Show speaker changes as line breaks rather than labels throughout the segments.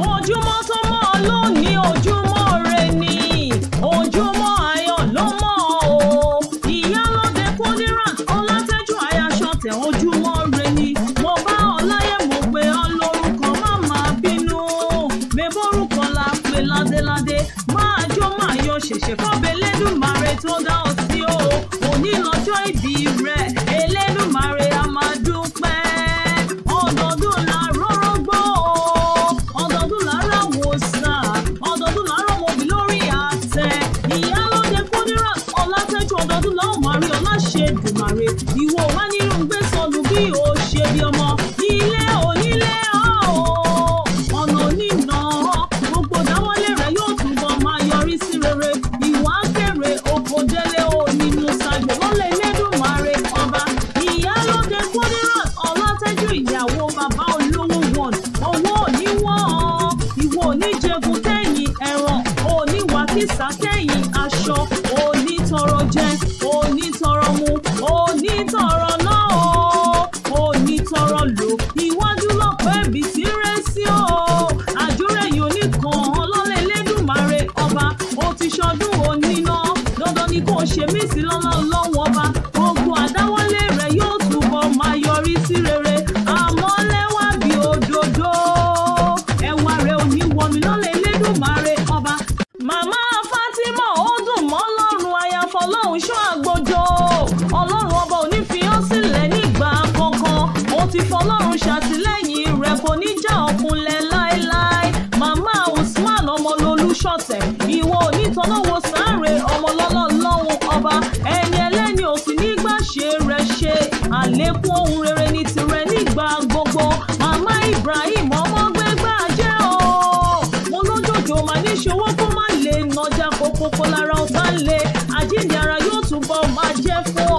ojúmọ́ tó mọ́ ló ní ojúmọ́ rẹ ni ojúmọ́ ayọ̀ ló mọ́ o ìyálóde Kudirat ọlátẹ́jú ayáṣọ́tẹ̀ ojúmọ́ rẹ ni mo bá ọláyé mo pé ọ lórúkọ má máa bínú mẹ́bórúkọ la pé ládéládé máa jó máa yọ ṣẹ̀ṣẹ̀ fọ́bẹ̀ lẹ́dùnmáre tó dá ọ sí o òní lọ́jọ́ ìbí ṣe mí sí lọ́lá ọlọ́run ọba gbogbo àdáwọ́lé rẹ̀ yóò túbọ̀ máa yọrí sí rere àmọ́ lẹ́wà bí òdòdó ẹwà rẹ̀ ò ní wọmi lọ́lẹ̀ elédùnmáre ọba. màmá Fatima ó dùn mọ́ lọ́rùn àyàfọ́ lọ́hùn ṣọ́ àgbòjò ọlọ́run ọba ò ní fi hàn sílẹ̀ nígbà kankan ó ti fọlọ́run ṣàtìlẹ́yìn rẹ̀ kò ní já ọkùnlẹ̀ láéláé màmá Usman ọmọlólú ṣọ̀tẹ̀ ìwọ àlékún ohun rere ní tìrẹ nígbà gbogbo màmá Ibrahim ọmọgbẹ́gbà jẹ́ o mo lójoojú máa ní ṣòwò kó má lè nàjà kókó kó lára ọ̀tá lè àjíǹde ara yóò túbọ̀ máa jẹ́ fún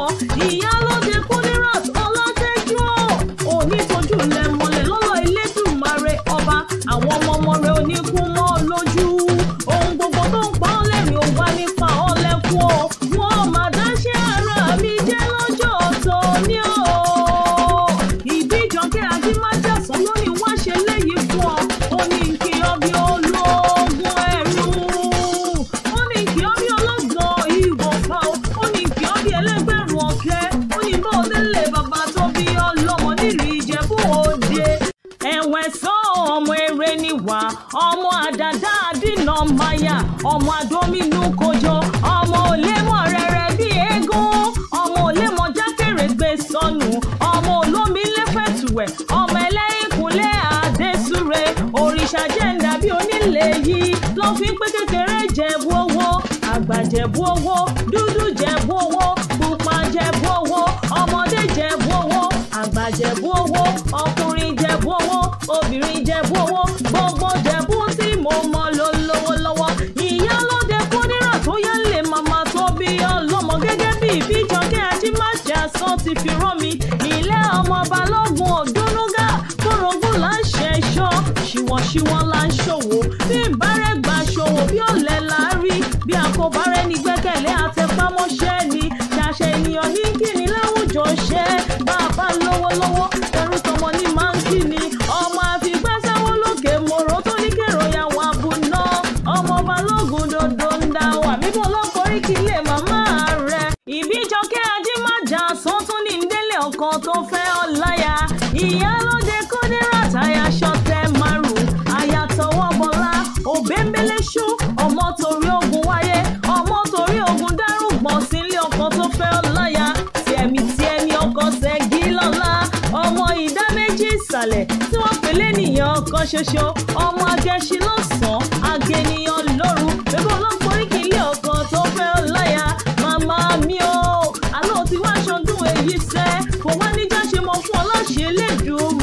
ọmọ àdàdà àdínà mayà ọmọ adómínú kojọ ọmọ òlémọ̀ rẹ̀rẹ̀ bí eégún ọmọ òlémọ̀ jákèrègbè sọnù ọmọ olómi lẹ́fẹ̀tùwẹ̀ ọmọ ẹlẹ́yìnkùlé àdésúre òrìṣà jẹ́ǹdà bí onílé yìí ló fi ń pé kékeré jẹ̀bú owó àgbà jẹ̀bú owó dúdú jẹ̀bú owó tó ti fi rán mi ilé ọmọ balógun. fẹ́ ọláyà ìyálóde Kódírátayà ṣọ̀tẹ̀ márùn aya tọwọ́ bọlá òbẹ́ńbẹ́lẹ́ṣú ọmọ torí ogun wáyé ọmọ torí ogun dárúgbọ̀n sílé ọkọ tó fẹ́ ọláyà tìẹ̀mí tìẹ̀ni ọkọ ṣẹ́gi lọ́la ọmọ ìdá méjì ìsàlẹ̀ tí wọ́n pè lẹ́nìyàn ọkọ ṣoṣo ọmọ agẹ́ṣin lọ́sàn-án agẹniyàn lóru bébí olóńgbò oríkì ilé ọkọ tó fẹ́ ọláyà màmá mi ó àlọ́ tí wọ́n aṣọ dùn èyí sẹ́ kò wá ní ṣe lẹ́dùn